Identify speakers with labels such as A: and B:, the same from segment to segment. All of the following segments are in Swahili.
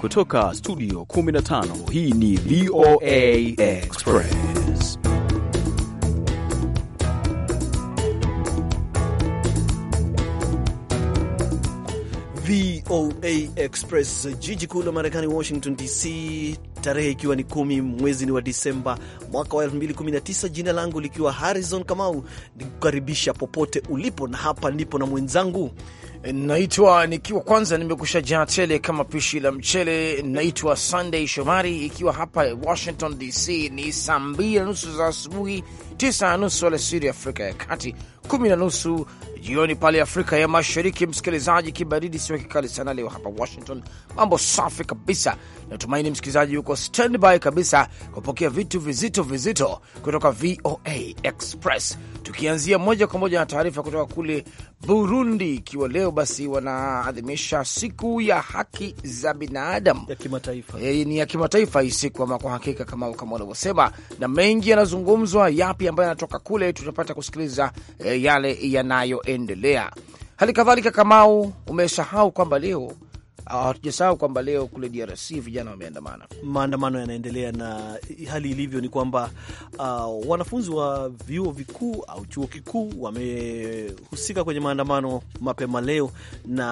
A: Kutoka studio 15 hii ni VOA Express. VOA Express, jiji kuu la Marekani, Washington DC, tarehe ikiwa ni kumi mwezi ni wa Disemba mwaka wa 2019. Jina langu likiwa Harrison Kamau, nikukaribisha popote ulipo, na hapa ndipo na mwenzangu Naitwa nikiwa kwanza,
B: nimekusha jaa tele kama pishi la mchele. Naitwa Sunday Shomari, ikiwa hapa Washington DC ni saa mbili na nusu za asubuhi, tisa na nusu alasiri Afrika ya Kati, kumi na nusu jioni pale Afrika ya Mashariki. Msikilizaji, kibaridi sio kikali sana leo hapa Washington, mambo safi kabisa. Natumaini msikilizaji yuko standby kabisa kupokea vitu vizito vizito kutoka VOA Express, tukianzia moja kwa moja na taarifa kutoka kule Burundi, ikiwa leo basi wanaadhimisha siku ya haki za binadamu ya kimataifa. E, ni ya kimataifa hii siku ama kwa hakika kama kama wanavyosema, na mengi yanazungumzwa. Yapi ambayo yanatoka kule, tutapata kusikiliza e, yale yanayoendelea. Hali kadhalika Kamau, umesahau kwamba
A: leo hatujasahau kwamba leo kule DRC vijana wameandamana, maandamano yanaendelea, na hali ilivyo ni kwamba uh, wanafunzi wa vyuo vikuu au chuo kikuu wamehusika kwenye maandamano mapema leo, na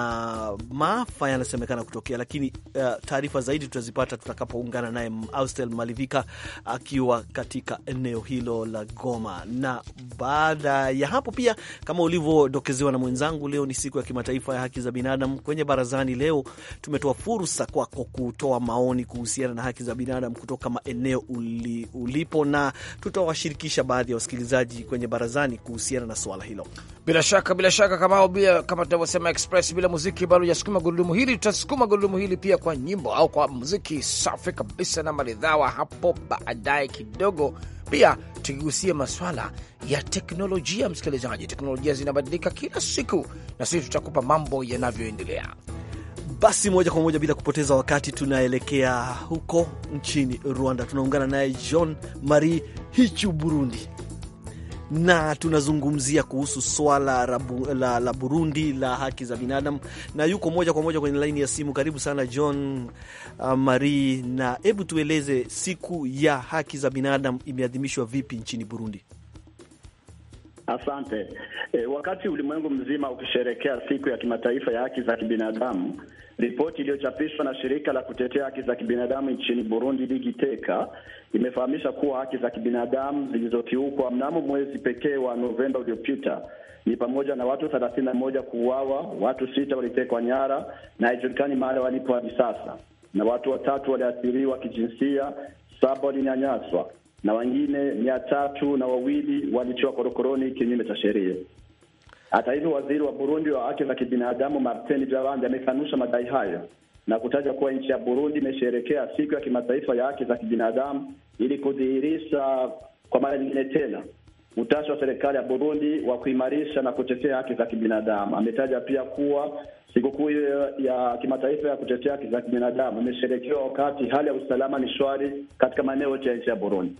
A: maafa yanasemekana kutokea, lakini uh, taarifa zaidi tutazipata tutakapoungana naye Austel Malivika akiwa katika eneo hilo la Goma. Na baada ya hapo pia, kama ulivyodokezewa na mwenzangu, leo ni siku ya kimataifa ya haki za binadamu. Kwenye barazani leo tumetoa fursa kwako kutoa maoni kuhusiana na haki za binadamu kutoka maeneo uli, ulipo na tutawashirikisha baadhi ya wasikilizaji kwenye barazani kuhusiana na swala hilo. Bila shaka, bila shaka kama bila, kama tunavyosema express bila muziki bado hujasukuma
B: gurudumu hili. Tutasukuma gurudumu hili pia kwa nyimbo au kwa muziki safi kabisa na maridhawa hapo baadaye kidogo, pia tukigusia maswala ya teknolojia.
A: Msikilizaji, teknolojia zinabadilika kila siku, na sisi tutakupa mambo yanavyoendelea. Basi moja kwa moja bila kupoteza wakati, tunaelekea huko nchini Rwanda. Tunaungana naye john Marie Hichu Burundi, na tunazungumzia kuhusu swala la, la Burundi la haki za binadamu, na yuko moja kwa moja kwenye laini ya simu. Karibu sana John uh, Marie, na hebu tueleze siku ya haki za binadamu imeadhimishwa vipi nchini Burundi?
C: Asante. E, wakati ulimwengu mzima ukisherekea siku ya kimataifa ya haki za kibinadamu, ripoti iliyochapishwa na shirika la kutetea haki za kibinadamu nchini Burundi Digiteka imefahamisha kuwa haki za kibinadamu zilizokiukwa mnamo mwezi pekee wa Novemba uliopita ni pamoja na watu thelathini na moja kuuawa, watu sita walitekwa nyara na haijulikani mahali walipo hadi sasa, na watu watatu waliathiriwa kijinsia, saba walinyanyaswa na wengine mia tatu na wawili walitiwa korokoroni kinyume cha sheria. Hata hivyo, waziri wa Burundi wa haki za kibinadamu Martin Jabandi amekanusha madai hayo na kutaja kuwa nchi ya Burundi imesherekea siku ya kimataifa ya haki za kibinadamu ili kudhihirisha kwa mara nyingine tena utashi wa serikali ya Burundi wa kuimarisha na kutetea haki za kibinadamu. Ametaja pia kuwa Sikukuu hiyo ya kimataifa ya kutetea haki za kibinadamu imesherekewa wakati hali ya usalama ni shwari katika maeneo yote ya nchi ya Burundi.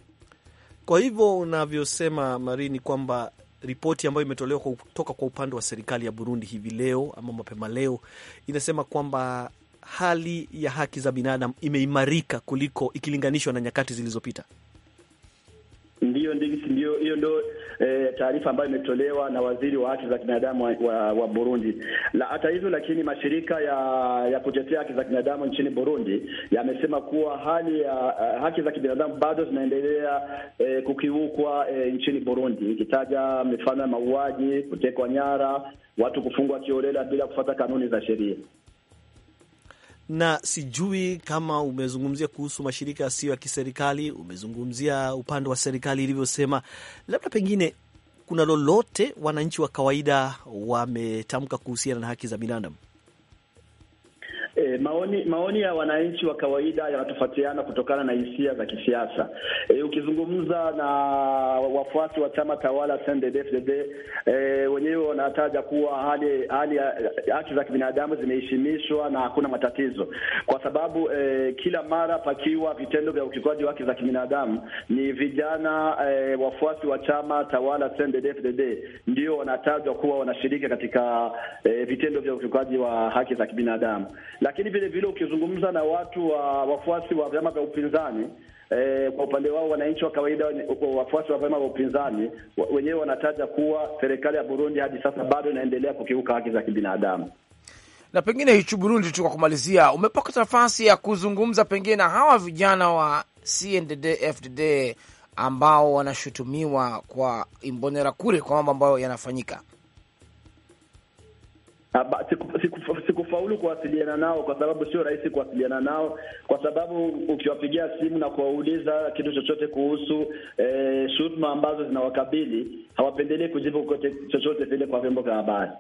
A: Kwa hivyo unavyosema, marini kwamba ripoti ambayo imetolewa kutoka kwa upande wa serikali ya Burundi hivi leo ama mapema leo inasema kwamba hali ya haki za binadamu imeimarika kuliko ikilinganishwa na nyakati zilizopita.
C: Ndiyo, ndiyo, hiyo ndo e, taarifa ambayo imetolewa na waziri wa haki za kibinadamu wa, wa, wa Burundi. La hata hivyo, lakini mashirika ya, ya kutetea haki za kibinadamu nchini Burundi yamesema kuwa hali ya eh, haki za kibinadamu bado zinaendelea e, kukiukwa e, nchini Burundi, ikitaja mifano ya mauaji, kutekwa nyara, watu kufungwa kiolela bila kufuata kanuni za sheria
A: na sijui kama umezungumzia kuhusu mashirika yasiyo ya kiserikali, umezungumzia upande wa serikali ilivyosema, labda pengine kuna lolote wananchi wa kawaida wametamka kuhusiana na haki za binadamu?
C: E, maoni maoni ya wananchi wa kawaida yanatofautiana kutokana na hisia za kisiasa. E, ukizungumza na wafuasi wa chama tawala CNDD-FDD e, eh, wenyewe wanataja kuwa hali hali haki za kibinadamu zimeheshimishwa na hakuna matatizo, kwa sababu e, kila mara pakiwa vitendo vya ukiukaji wa haki za kibinadamu ni vijana e, wafuasi wa chama tawala CNDD-FDD ndio wanatajwa kuwa wanashiriki katika e, vitendo vya ukiukaji wa haki za kibinadamu. Lakini vile vile ukizungumza na watu wa wafuasi wa vyama vya upinzani E, kwa upande wao wananchi wa kawaida, wafuasi wa vyama vya upinzani wenyewe wanataja kuwa serikali ya Burundi hadi sasa bado inaendelea kukiuka haki za kibinadamu.
B: Na pengine hichu Burundi tu kwa kumalizia, umepata nafasi ya kuzungumza pengine na hawa vijana wa CNDD-FDD ambao wanashutumiwa kwa Imbonerakure kwa mambo ambayo yanafanyika
C: Sikufaulu ah, siku, siku kuwasiliana nao kwa sababu sio rahisi kuwasiliana nao, kwa sababu ukiwapigia simu na kuwauliza kitu chochote kuhusu eh, shutuma ambazo zinawakabili hawapendelei kujibu kote, chochote vile kwa vyombo vya habari.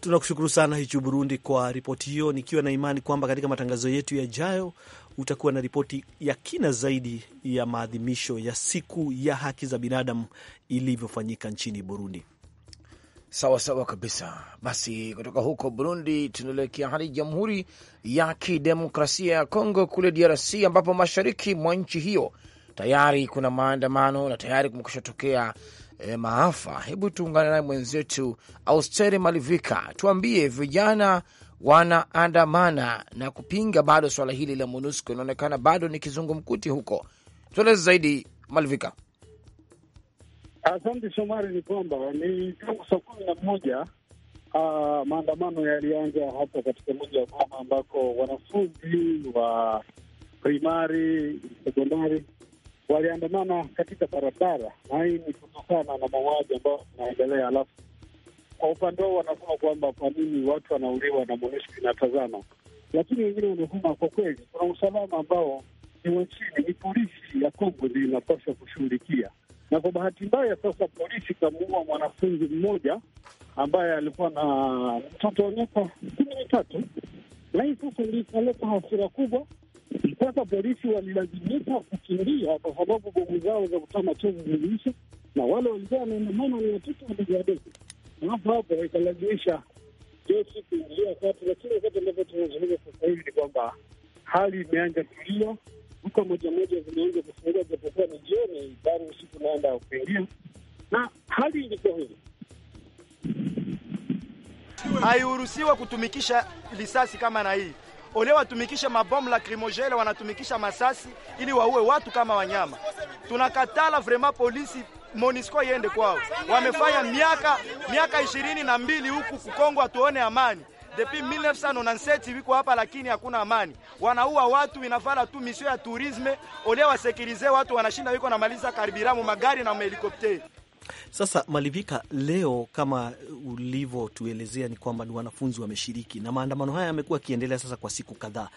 A: Tunakushukuru sana Hichu Burundi kwa ripoti hiyo, nikiwa na imani kwamba katika matangazo yetu yajayo utakuwa na ripoti ya kina zaidi ya maadhimisho ya siku ya haki za binadamu ilivyofanyika nchini Burundi. Sawa sawa kabisa. Basi kutoka huko Burundi tunaelekea hadi
B: Jamhuri ya Kidemokrasia ya Kongo kule DRC, ambapo mashariki mwa nchi hiyo tayari kuna maandamano na tayari kumekusha tokea e, maafa. Hebu tuungane naye mwenzetu Austeri Malivika, tuambie vijana wanaandamana na kupinga bado swala hili la MONUSCO, inaonekana bado ni kizungumkuti huko. Tueleze zaidi Malivika.
D: Asante Shomari, ni kwamba ni tangu saa kumi na moja Uh, maandamano yalianza hapa katika mji wa Goma ambako wanafunzi wa primari, sekondari waliandamana katika barabara, na hii ni kutokana na mauaji ambayo yanaendelea. Alafu kwa upande wao wanasema kwamba kwa nini watu wanauliwa na MONUSCO inatazama, lakini wengine wanasema kwa kweli kuna usalama ambao ni wa chini, ni polisi ya Kongo ndio inapaswa kushughulikia na kwa bahati mbaya sasa polisi ikamuua mwanafunzi mmoja ambaye alikuwa na mtoto wa miaka kumi na tatu, na hii sasa ndio hasira kubwa. sasa polisi walilazimika kukimbia kwa sababu bomu zao za kutoa machozi ziliisha, na wale walikuwa wanaandamana na watoto wadogowadogo, na hapo hapo ikalazimisha jeshi kuingilia kati. Lakini wakati ambavyo tunazungumza sasa hivi ni kwamba hali imeanja kulia duka moja moja zimeweza
A: kufunguliwa, japokuwa ni jioni, bado usiku naenda kuingia, na hali ilikuwa hivi hairuhusiwa kutumikisha risasi kama na hii ole watumikishe mabomu lacrimogene, wanatumikisha masasi ili waue watu kama wanyama. Tunakatala vraiment polisi Monisco iende kwao. Wamefanya miaka miaka ishirini na mbili huku kukongwa, tuone amani depuis 1997 wiko hapa, lakini hakuna amani, wanaua watu, inavala tu misio ya turisme olia wasekirize watu, wanashinda wiko namaliza karibira mu magari na mahelikopteri. Sasa Malivika, leo kama ulivyotuelezea ni kwamba ni wanafunzi wameshiriki, na maandamano haya yamekuwa yakiendelea sasa kwa siku kadhaa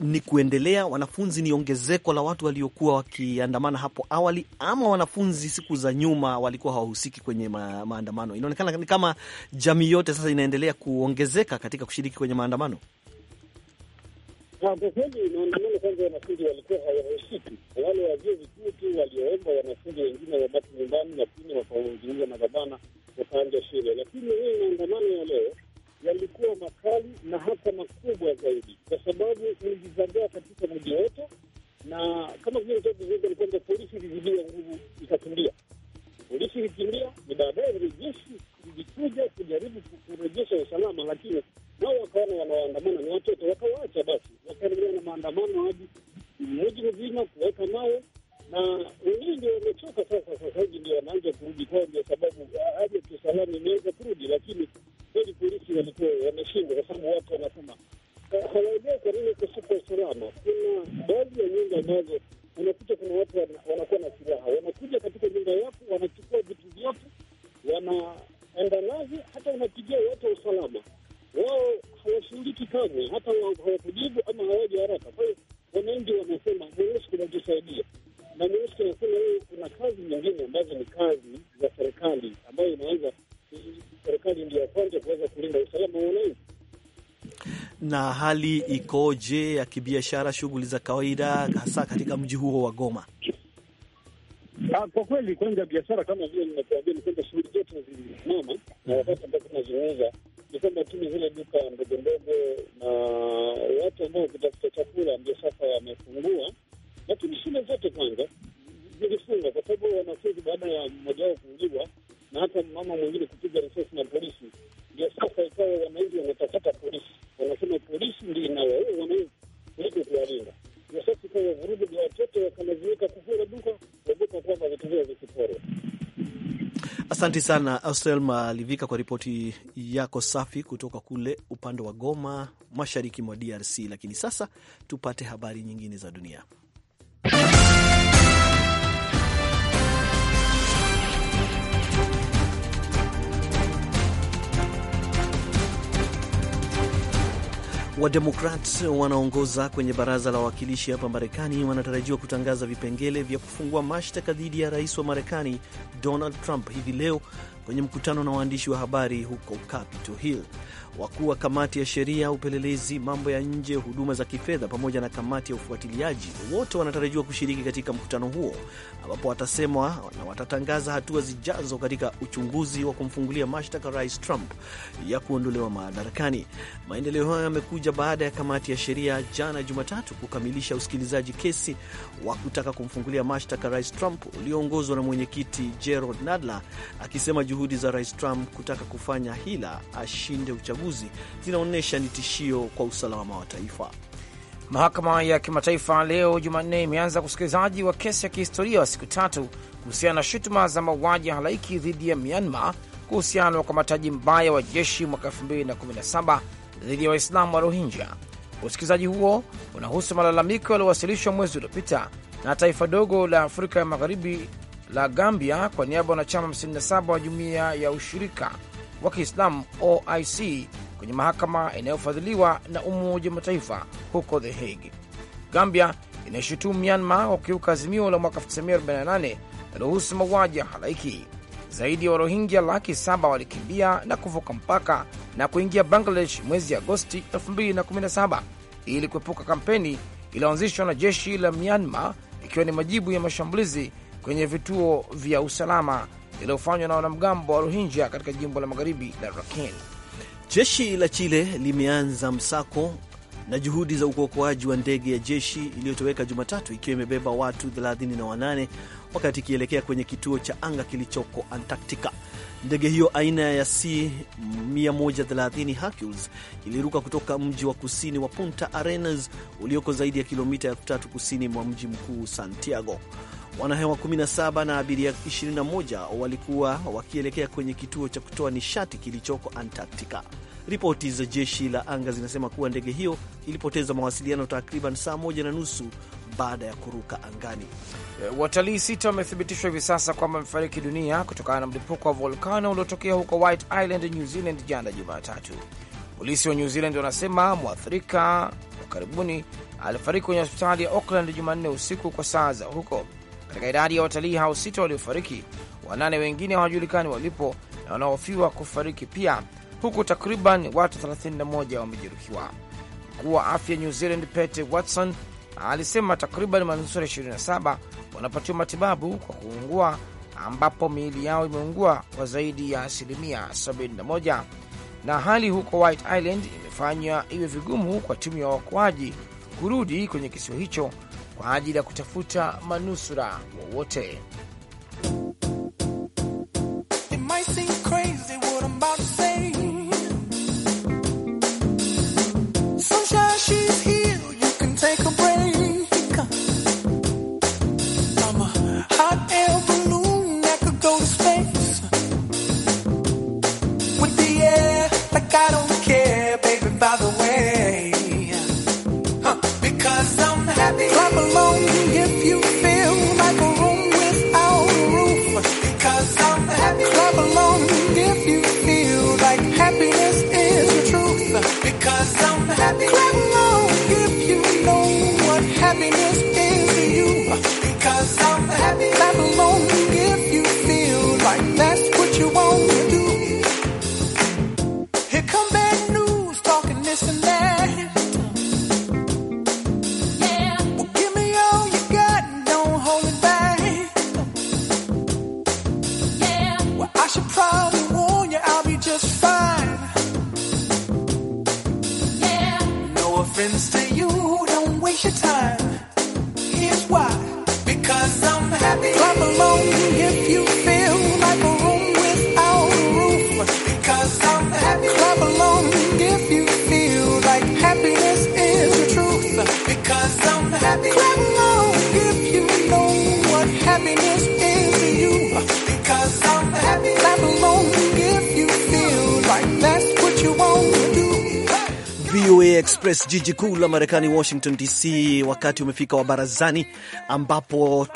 A: ni kuendelea, wanafunzi ni ongezeko la watu waliokuwa wakiandamana hapo awali, ama wanafunzi siku za nyuma walikuwa hawahusiki kwenye ma maandamano? Inaonekana ni kama jamii yote sasa inaendelea kuongezeka katika kushiriki kwenye maandamano.
D: Kwa kweli maandamano, kwanza wanafunzi walikuwa hawahusiki, wale wa vyuo vikuu tu walioomba wanafunzi wengine wabaki nyumbani, lakini wakazungumza na gavana wakaanja shule. Lakini hii maandamano ya leo yalikuwa makali na hata makubwa zaidi, kwa sababu nilizagaa katika mji wote, na kama vile ni kwamba polisi ilizidia nguvu, ikakimbia. Polisi ilikimbia, ni baadaye vile jeshi lilikuja kujaribu kurejesha usalama, lakini nao wakaona wanaoandamana ni watoto, wakawaacha. Basi wakaendelea na maandamano hadi mji mzima, kuweka mawe na wengine ndio wamechoka sasa. Sasa hivi ndio wanaanza kurudi kwao, ndio sababu ah, hali ya kiusalama imeweza kurudi, lakini kweli polisi walikuwa wameshindwa, kwa sababu watu wanasema hawaelewi kwa nini kusuka usalama. Kuna baadhi ya nyumba ambazo unakuta kuna watu wanakuwa na silaha, wanakuja katika nyumba yako, wanachukua vitu vyote, wanaenda nazi, hata unapigia watu wa usalama. Wao hawashiriki kamwe, hata hawakujibu ama hawaji haraka. Kwa hiyo wananchi wanasema MONUSCO inatusaidia, na MONUSCO inasema wewe, kuna kazi nyingine ambazo ni kazi za serikali ambayo inaweza serikali ndio ya kwanza kuweza kulinda usalama wa wananchi.
A: Na hali ikoje ya kibiashara, shughuli za kawaida, hasa katika mji huo wa Goma?
D: Ah, kwa kweli kwanza biashara kama vile nimekuambia ni kwamba shughuli zote zilisimama, na wakati ambapo tunazungumza ni kwamba tu zile duka ndogo ndogo na watu ambao wakitafuta chakula ndio sasa wamefungua, lakini shule zote kwanza zilifunga kwa sababu wanafunzi baada ya mmoja wao kuuliwa na hata mama mwingine kupiga risasi na polisi. Ndio sasa ikawa wananchi wanatafuta polisi, wanasema polisi ndio inawaua wananchi kuliko kuwalinda. Ndio sasa ikawa vurugu vya watoto wakanaziweka kufura duka, kuogopa kwamba vitu vyao visiporwa.
A: Asanti sana Austel Malivika kwa ripoti yako safi kutoka kule upande wa Goma, mashariki mwa DRC. Lakini sasa tupate habari nyingine za dunia. Wademokrat wanaongoza kwenye baraza la wawakilishi hapa Marekani wanatarajiwa kutangaza vipengele vya kufungua mashtaka dhidi ya rais wa Marekani Donald Trump hivi leo kwenye mkutano na waandishi wa habari huko Capitol Hill. Wakuu wa kamati ya sheria, upelelezi, mambo ya nje, huduma za kifedha pamoja na kamati ya ufuatiliaji wote wanatarajiwa kushiriki katika mkutano huo, ambapo watasemwa na watatangaza hatua zijazo katika uchunguzi wa kumfungulia mashtaka Rais Trump ya kuondolewa madarakani. Maendeleo hayo yamekuja baada ya kamati ya sheria jana Jumatatu kukamilisha usikilizaji kesi wa kutaka kumfungulia mashtaka Rais Trump ulioongozwa na mwenyekiti Gerald Nadler akisema juhudi za Rais Trump kutaka kufanya hila ashinde uchaguzi zinaonyesha ni tishio kwa usalama wa taifa.
B: Mahakama ya kimataifa leo Jumanne imeanza usikilizaji wa kesi ya kihistoria wa siku tatu kuhusiana na shutuma za mauaji ya halaiki dhidi ya Myanmar kuhusiana na ukamataji mbaya wa jeshi mwaka 2017 dhidi ya Waislamu wa Rohingya. Usikilizaji huo unahusu malalamiko yaliyowasilishwa mwezi uliopita na taifa dogo la Afrika ya Magharibi la Gambia kwa niaba ya wanachama 57 wa jumuiya ya ushirika wa Kiislamu OIC kwenye mahakama inayofadhiliwa na Umoja wa Mataifa huko The Hague. Gambia inashutumu Myanmar kwa kukiuka azimio la mwaka 1948 linalohusu mauaji ya halaiki. Zaidi ya Warohingya laki saba walikimbia na kuvuka mpaka na kuingia Bangladesh mwezi Agosti 2017 ili kuepuka kampeni iliyoanzishwa na jeshi la Myanmar ikiwa ni majibu ya mashambulizi kwenye vituo vya usalama iliyofanywa na wanamgambo wa Rohingya
A: katika jimbo la magharibi la Rakhine. Jeshi la Chile limeanza msako na juhudi za uokoaji wa ndege ya jeshi iliyotoweka Jumatatu ikiwa imebeba watu 38 wakati ikielekea kwenye kituo cha anga kilichoko Antarctica. Ndege hiyo aina ya C130 Hercules iliruka kutoka mji wa kusini wa Punta Arenas ulioko zaidi ya kilomita elfu tatu kusini mwa mji mkuu Santiago. Wanahewa 17 na abiria 21 walikuwa wakielekea kwenye kituo cha kutoa nishati kilichoko Antarctica. Ripoti za jeshi la anga zinasema kuwa ndege hiyo ilipoteza mawasiliano takriban saa moja na nusu baada ya kuruka angani.
B: E, watalii sita wamethibitishwa hivi sasa kwamba wamefariki dunia kutokana na mlipuko wa volkano uliotokea huko White Island, New Zealand jana Jumatatu. Polisi wa New Zealand wanasema mwathirika wa karibuni alifariki kwenye hospitali ya Auckland Jumanne usiku kwa saa za huko. Katika idadi ya watalii hao sita waliofariki, wanane wengine hawajulikani walipo na wanaohofiwa kufariki pia, huku takriban watu 31 wamejeruhiwa. Mkuu wa afya New Zealand Pete Watson alisema takriban manusura 27 wanapatiwa matibabu kwa kuungua, ambapo miili yao imeungua kwa zaidi ya asilimia 71, na hali huko White Island imefanywa iwe vigumu kwa timu ya waokoaji kurudi kwenye kisiwa hicho kwa ajili ya kutafuta manusura wowote.
A: Express, jiji kuu la Marekani, Washington DC. Wakati umefika wa barazani, ambapo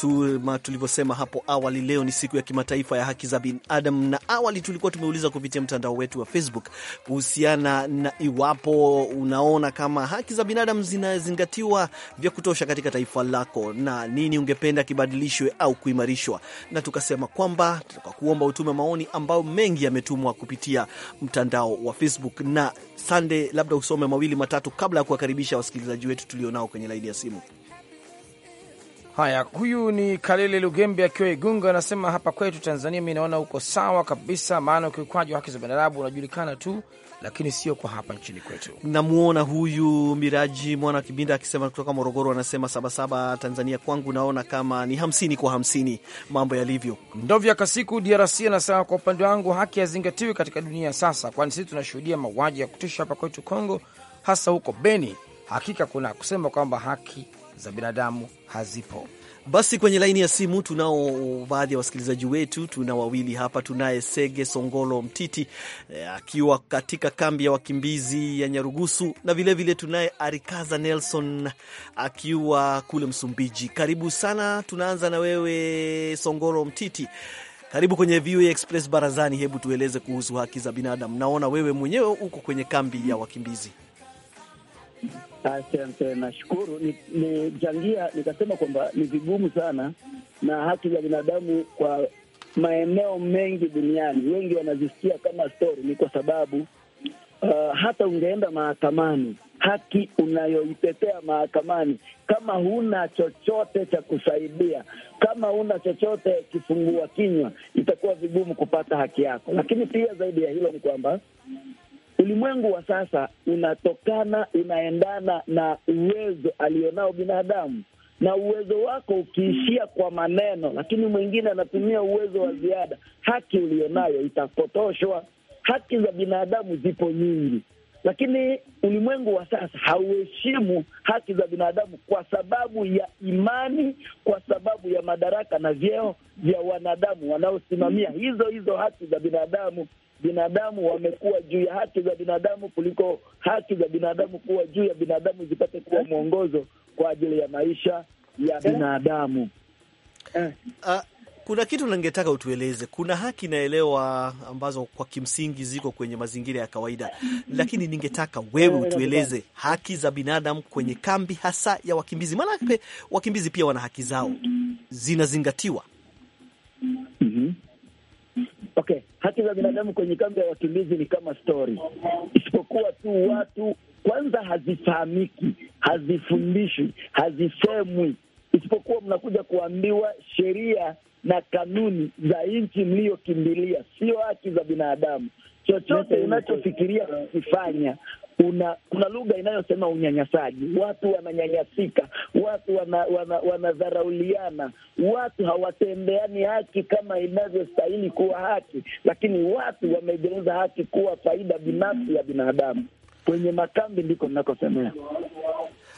A: tulivyosema hapo awali, leo ni siku ya kimataifa ya haki za binadamu, na awali tulikuwa tumeuliza kupitia mtandao wetu wa Facebook kuhusiana na iwapo unaona kama haki za binadamu zinazingatiwa vya kutosha katika taifa lako, na nini ungependa kibadilishwe au kuimarishwa. Na tukasema kwamba tutakuomba utume maoni ambayo mengi yametumwa kupitia mtandao wa Facebook na Sande, labda usome mawili matatu kabla ya kuwakaribisha wasikilizaji wetu tulionao kwenye laini ya simu.
B: Haya, huyu ni Kalele Lugembe akiwa Igunga, anasema hapa kwetu Tanzania mi naona uko sawa kabisa, maana ukiukwaji wa haki za binadamu unajulikana tu, lakini sio kwa hapa nchini kwetu.
A: Namwona huyu Miraji mwana wa Kibinda akisema kutoka Morogoro, anasema sabasaba Tanzania kwangu naona kama ni hamsini kwa hamsini mambo yalivyo. Ndovya Kasiku DRC anasema kwa upande wangu haki
B: hazingatiwi katika dunia sasa, kwani sisi tunashuhudia mauaji ya kutisha hapa kwetu Kongo, hasa huko
A: Beni. Hakika kuna kusema kwamba haki za binadamu hazipo. Basi kwenye laini ya simu tunao baadhi ya wasikilizaji wetu, tuna wawili hapa. Tunaye Sege Songolo Mtiti eh, akiwa katika kambi ya wakimbizi ya Nyarugusu, na vilevile tunaye Arikaza Nelson akiwa kule Msumbiji. Karibu sana. Tunaanza na wewe Songolo Mtiti, karibu kwenye VOA Express Barazani. Hebu tueleze kuhusu haki za binadamu. Naona wewe mwenyewe uko kwenye kambi ya wakimbizi
E: Asante, nashukuru. nichangia ni nikasema kwamba ni vigumu sana na haki za binadamu kwa maeneo mengi duniani, wengi wanazisikia kama stori. Ni kwa sababu uh, hata ungeenda mahakamani, haki unayoitetea mahakamani, kama huna chochote cha kusaidia, kama huna chochote kifungua kinywa, itakuwa vigumu kupata haki yako. Lakini pia zaidi ya hilo ni kwamba ulimwengu wa sasa unatokana, unaendana na uwezo alionao binadamu, na uwezo wako ukiishia kwa maneno, lakini mwingine anatumia uwezo wa ziada, haki ulionayo itapotoshwa. Haki za binadamu zipo nyingi, lakini ulimwengu wa sasa hauheshimu haki za binadamu kwa sababu ya imani, kwa sababu ya madaraka na vyeo vya wanadamu wanaosimamia hizo hizo haki za binadamu binadamu wamekuwa juu ya haki za binadamu kuliko haki za binadamu kuwa juu ya binadamu, zipate kuwa eh? mwongozo kwa ajili ya maisha ya eh? binadamu.
A: Uh, kuna kitu ningetaka utueleze. Kuna haki inaelewa ambazo kwa kimsingi ziko kwenye mazingira ya kawaida, lakini ningetaka wewe utueleze haki za binadamu kwenye kambi hasa ya wakimbizi, maanake wakimbizi pia wana haki zao, zinazingatiwa? Okay,
E: haki za binadamu kwenye kambi ya wakimbizi ni kama stori, isipokuwa tu watu kwanza hazifahamiki, hazifundishwi, hazisemwi, isipokuwa mnakuja kuambiwa sheria na kanuni za nchi mliyokimbilia, sio haki za binadamu. Chochote unachofikiria kukifanya kuna kuna lugha inayosema unyanyasaji. Watu wananyanyasika, watu wanadharauliana, wana, wana watu hawatembeani haki kama inavyostahili kuwa haki, lakini watu wamegeuza haki kuwa faida binafsi ya binadamu. Kwenye makambi ndiko mnakosemea.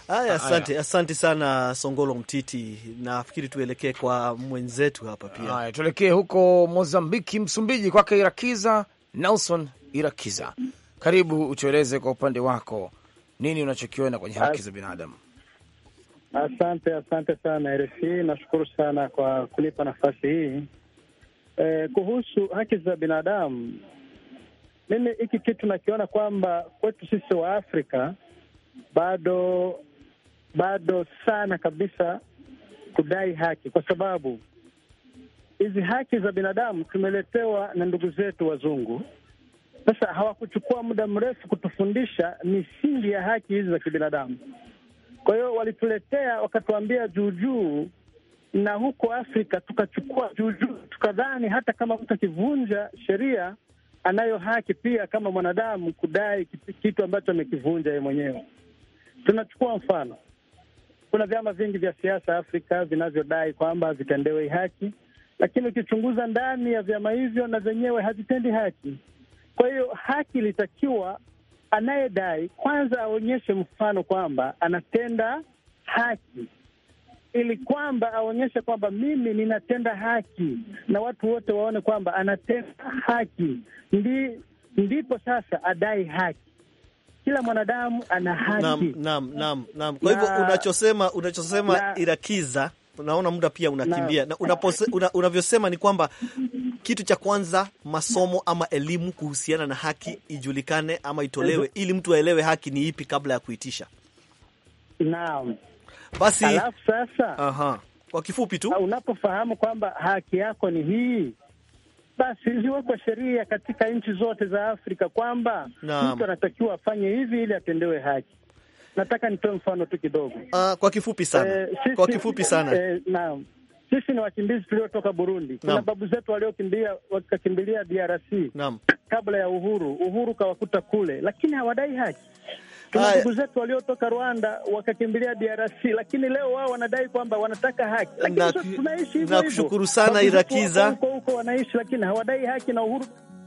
A: Haya, asante, asante sana Songolo Mtiti. Nafikiri tuelekee kwa mwenzetu hapa pia. Haya, tuelekee huko Mozambiki, Msumbiji, kwake Irakiza
B: Nelson Irakiza. Karibu utueleze kwa upande wako nini unachokiona kwenye haki za binadamu.
F: Asante, asante sana RF, nashukuru sana kwa kunipa nafasi hii. Eh, kuhusu haki za binadamu, mimi hiki kitu nakiona kwamba kwetu sisi wa Afrika bado bado sana kabisa kudai haki, kwa sababu hizi haki za binadamu tumeletewa na ndugu zetu wazungu sasa hawakuchukua muda mrefu kutufundisha misingi ya haki hizi za kibinadamu. Kwa hiyo walituletea wakatuambia juujuu, na huko Afrika tukachukua juujuu, tukadhani hata kama mtu akivunja sheria anayo haki pia kama mwanadamu kudai kitu ambacho amekivunja yeye mwenyewe. Tunachukua mfano, kuna vyama vingi vya siasa Afrika vinavyodai kwamba vitendewe haki, lakini ukichunguza ndani ya vyama hivyo, na vyenyewe havitendi haki. Kwa hiyo haki ilitakiwa anayedai kwanza aonyeshe mfano kwamba anatenda haki, ili kwamba aonyeshe kwamba mimi ninatenda haki na watu wote waone kwamba anatenda haki, ndi ndipo sasa adai haki. Kila mwanadamu ana haki.
A: Naam, naam, naam, Kwa hivyo unachosema unachosema na, Irakiza unaona muda pia unakimbia na unavyosema una, ni kwamba kitu cha kwanza masomo ama elimu kuhusiana na haki ijulikane ama itolewe mhm. ili mtu aelewe haki ni ipi kabla ya kuitisha. Naam, basi alafu sasa, aha, kwa kifupi tu ah,
F: unapofahamu kwamba haki yako ni hii basi ziwekwa sheria katika nchi zote za Afrika kwamba mtu anatakiwa afanye hivi ili atendewe haki nataka nitoe mfano tu kidogo.
A: Uh, kwa kifupi sana eh, sisi, kwa kifupi sana eh,
F: naam, sisi ni wakimbizi tuliotoka Burundi. Kuna babu zetu waliokimbia wakakimbilia DRC naam, kabla ya uhuru. Uhuru kawakuta kule, lakini hawadai haki. Kuna ndugu zetu waliotoka Rwanda wakakimbilia DRC, lakini leo wao wanadai kwamba wanataka haki, lakini tunaishi hivyo hivyo. Nakushukuru sana Irakiza, huko huko wanaishi, lakini hawadai haki na uhuru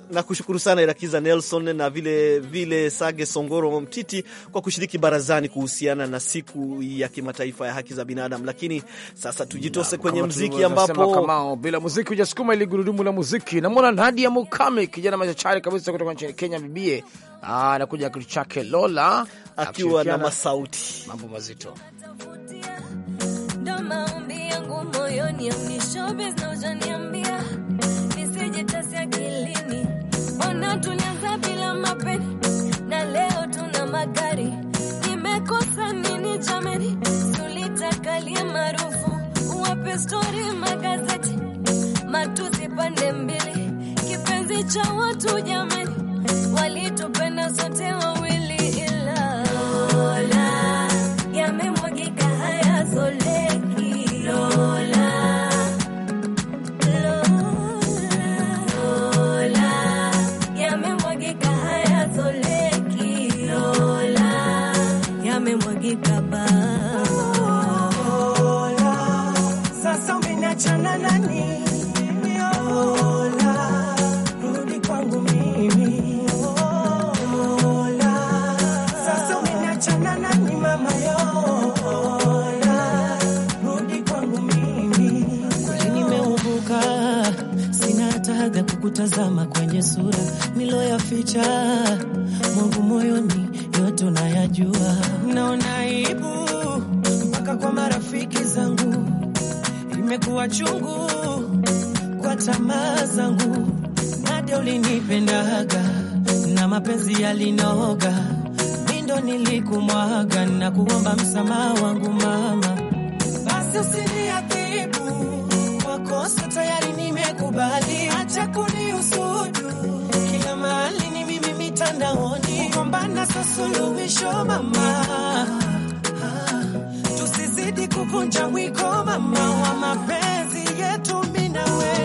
A: nakushukuru sana Irakiza Nelson na vile vile Sage Songoro Mtiti kwa kushiriki barazani kuhusiana na siku ya kimataifa ya haki za binadamu. Lakini sasa tujitose na kwenye mziki, ambapo kamao
B: bila muziki hujasukuma ili gurudumu la muziki. Namwona Nadia Mukame, kijana machachari kabisa kutoka nchini Kenya, bibie ah, anakuja kitu chake Lola akiwa na
E: masauti mambo mazito
G: moyoni na akilini Leo tulianza bila mapenzi na leo tuna magari. Nimekosa nini jamani? Tulitakalia maarufu, uwape stori magazeti, matusi pande mbili, kipenzi cha watu jameni walitupenda sote wawili ila Lola, yamemwagika haya zoleki Lola
H: Kukutazama kwenye sura milo ya ficha Mungu moyoni, yote unayajua. Naona aibu mpaka kwa marafiki zangu, imekuwa chungu kwa tamaa zangu. Nade ulinipendaga na mapenzi yalinoga nilikumwaga na kuomba msamaha wangu mama, basi usiniadhibu kosa, tayari nimekubali, acha kuniusudu kila mahali, ni mimi mitandaoni, kupambana sio suluhisho mama, tusizidi kuvunja mwiko mama wa mapenzi yetu, mimi na wewe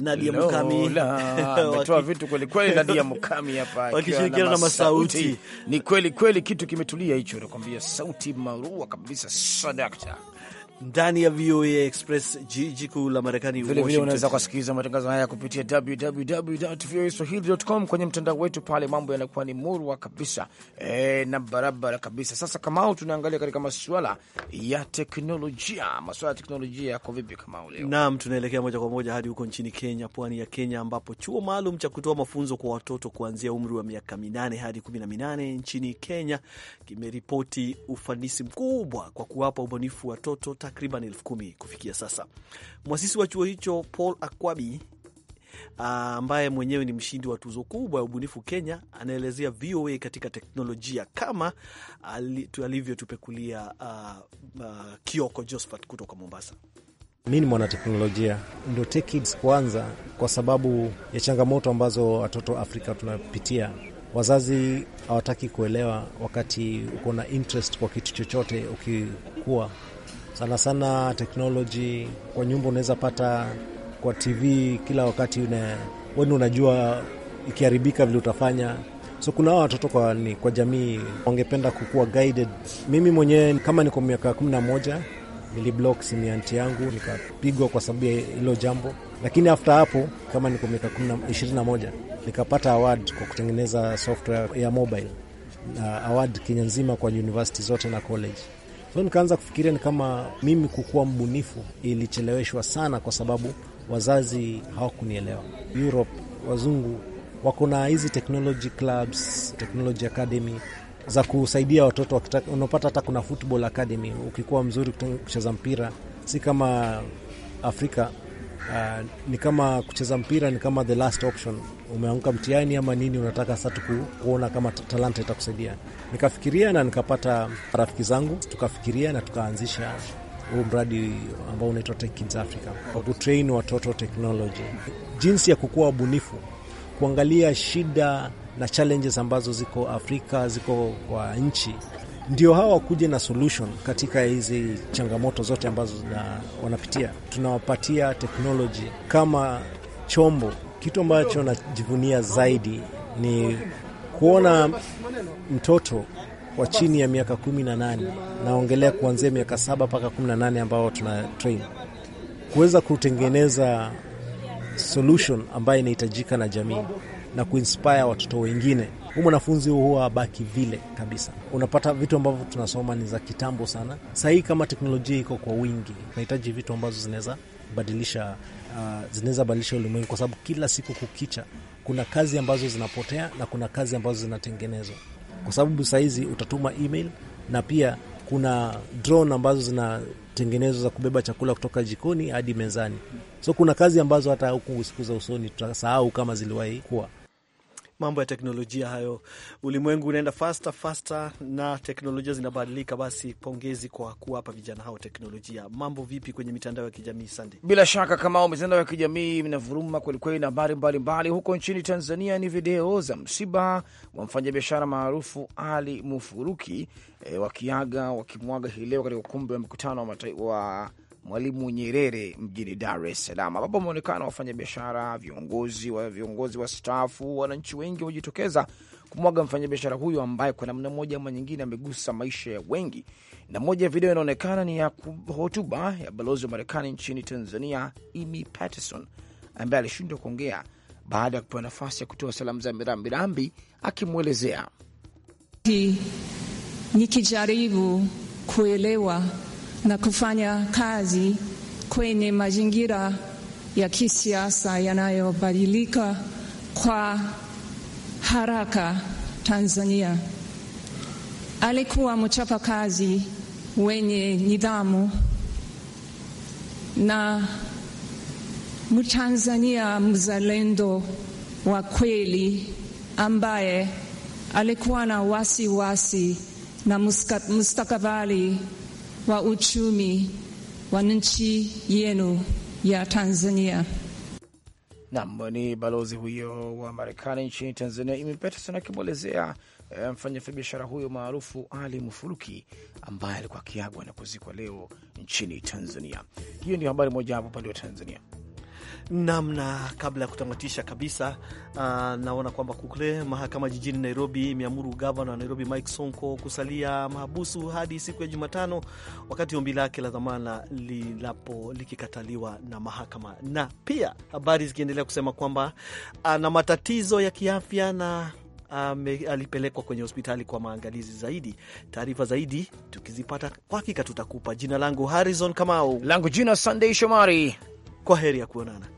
A: Nadia Mukami ametoa vitu kweli kweli, Nadia
B: Mukami hapa wakishirikiana na Masauti. Ni kweli kweli kitu kimetulia hicho, nakwambia sauti marua kabisa, sadakta ndani ya VOA Express, jiji kuu la Marekani. Vilevile unaweza kuwasikiliza matangazo haya kupitia www.voaswahili.com kwenye mtandao wetu pale, mambo yanakuwa ni murwa kabisa e, na barabara kabisa. Sasa Kamau, tunaangalia katika masuala ya teknolojia. Masuala ya teknolojia yako vipi Kamau
A: leo? Naam, tunaelekea moja kwa moja hadi huko nchini Kenya, pwani ya Kenya, ambapo chuo maalum cha kutoa mafunzo kwa watoto kuanzia umri wa miaka minane hadi kumi na minane nchini Kenya kimeripoti ufanisi mkubwa kwa kuwapa ubunifu watoto takriban elfu kumi kufikia sasa. Mwasisi wa chuo hicho Paul Akwabi ah, ambaye mwenyewe ni mshindi wa tuzo kubwa ya ubunifu Kenya, anaelezea VOA katika teknolojia kama alivyotupekulia uh, uh, Kioko Josphat kutoka Mombasa.
I: Mi ni mwanateknolojia, ndio kwanza, kwa sababu ya changamoto ambazo watoto Afrika tunapitia. Wazazi hawataki kuelewa wakati uko na interest kwa kitu chochote ukikuwa sana sana teknoloji. Kwa nyumba unaweza pata, kwa TV kila wakati weni, unajua ikiharibika vile utafanya. So kuna hawa watoto kwa, ni, kwa jamii wangependa kukuwa guided. Mimi mwenyewe kama niko miaka kumi na moja niliblock simu ya yangu nikapigwa kwa sababu ya hilo jambo, lakini after hapo kama niko miaka ishirini na moja nikapata award kwa kutengeneza software ya mobile na award Kenya nzima kwa university zote na college. So nikaanza kufikiria ni kama mimi kukuwa mbunifu ilicheleweshwa sana, kwa sababu wazazi hawakunielewa. Europe wazungu wako na hizi technology clubs, technology academy za kusaidia watoto. Unapata hata kuna football academy, ukikuwa mzuri kucheza mpira, si kama Afrika Uh, ni kama kucheza mpira ni kama the last option. Umeanguka mtihani ama nini, unataka sasa tu kuona kama talanta itakusaidia. Nikafikiria na nikapata rafiki zangu, tukafikiria na tukaanzisha huu mradi ambao unaitwa Tech Kids Africa, wa kutrain watoto teknoloji, jinsi ya kukuwa wabunifu, kuangalia shida na challenges ambazo ziko Afrika, ziko kwa nchi ndio hawa wakuje na solution katika hizi changamoto zote ambazo na wanapitia. Tunawapatia teknoloji kama chombo. Kitu ambacho najivunia zaidi ni kuona mtoto wa chini ya miaka kumi na nane, naongelea kuanzia miaka saba mpaka kumi na nane ambao tuna train kuweza kutengeneza solution ambayo inahitajika na jamii na kuinspire watoto wengine huu mwanafunzi huwa abaki vile kabisa. Unapata vitu ambavyo tunasoma ni za kitambo sana. Sahii kama teknolojia iko kwa wingi, unahitaji vitu ambazo zinaweza badilisha uh, zinaweza badilisha ulimwengu, kwa sababu kila siku kukicha kuna kazi ambazo zinapotea na kuna kazi ambazo zinatengenezwa, kwa sababu sahizi utatuma email na pia kuna drone ambazo zinatengenezwa za kubeba chakula kutoka jikoni hadi mezani. So kuna kazi ambazo hata huku siku za usoni tutasahau kama ziliwahi kuwa
A: mambo ya teknolojia hayo. Ulimwengu unaenda fasta fasta na teknolojia zinabadilika. Basi pongezi kwa kuwapa vijana hao teknolojia. Mambo vipi kwenye mitandao ya kijamii sand
B: Bila shaka kama mitandao ya kijamii inavuruma kwelikweli na habari mbalimbali. Huko nchini Tanzania ni video za msiba wa mfanyabiashara maarufu Ali Mufuruki e, wakiaga wakimwaga hii leo katika ukumbi wa mkutano wa Mwalimu Nyerere mjini Dar es Salaam, ambapo wa wafanyabiashara, viongozi wa viongozi wastaafu, wananchi wengi wamejitokeza kumwaga mfanyabiashara huyo ambaye kwa namna moja ama nyingine amegusa maisha ya wengi. Na moja ya video inaonekana ni ya hotuba ya balozi wa Marekani nchini Tanzania, Amy Patterson, ambaye alishindwa kuongea baada ya kupewa nafasi ya kutoa salamu za mirambirambi, akimwelezea
G: nikijaribu kuelewa na kufanya kazi kwenye mazingira ya kisiasa yanayobadilika kwa haraka Tanzania. Alikuwa mchapakazi wenye nidhamu na Mtanzania mzalendo wa kweli ambaye alikuwa na wasiwasi na mustakabali wa uchumi wa nchi yenu ya Tanzania.
B: Nam ni balozi huyo wa Marekani nchini Tanzania, imepata sana akimwelezea eh, mfanyabiashara huyo maarufu Ali Mufuruki ambaye alikuwa akiagwa na kuzikwa leo nchini
A: Tanzania. Hiyo ndio habari moja hapo upande wa Tanzania namna. Kabla ya kutamatisha kabisa, uh, naona kwamba kule mahakama jijini Nairobi imeamuru gavana wa Nairobi Mike Sonko kusalia mahabusu hadi siku ya Jumatano, wakati ombi lake la dhamana lilapo likikataliwa na mahakama, na pia habari zikiendelea kusema kwamba ana uh, matatizo ya kiafya na Ame, uh, alipelekwa kwenye hospitali kwa maangalizi zaidi. Taarifa zaidi tukizipata kwa hakika tutakupa. Jina langu Harrison Kamau, langu jina Sunday Shomari. Kwa heri ya kuonana.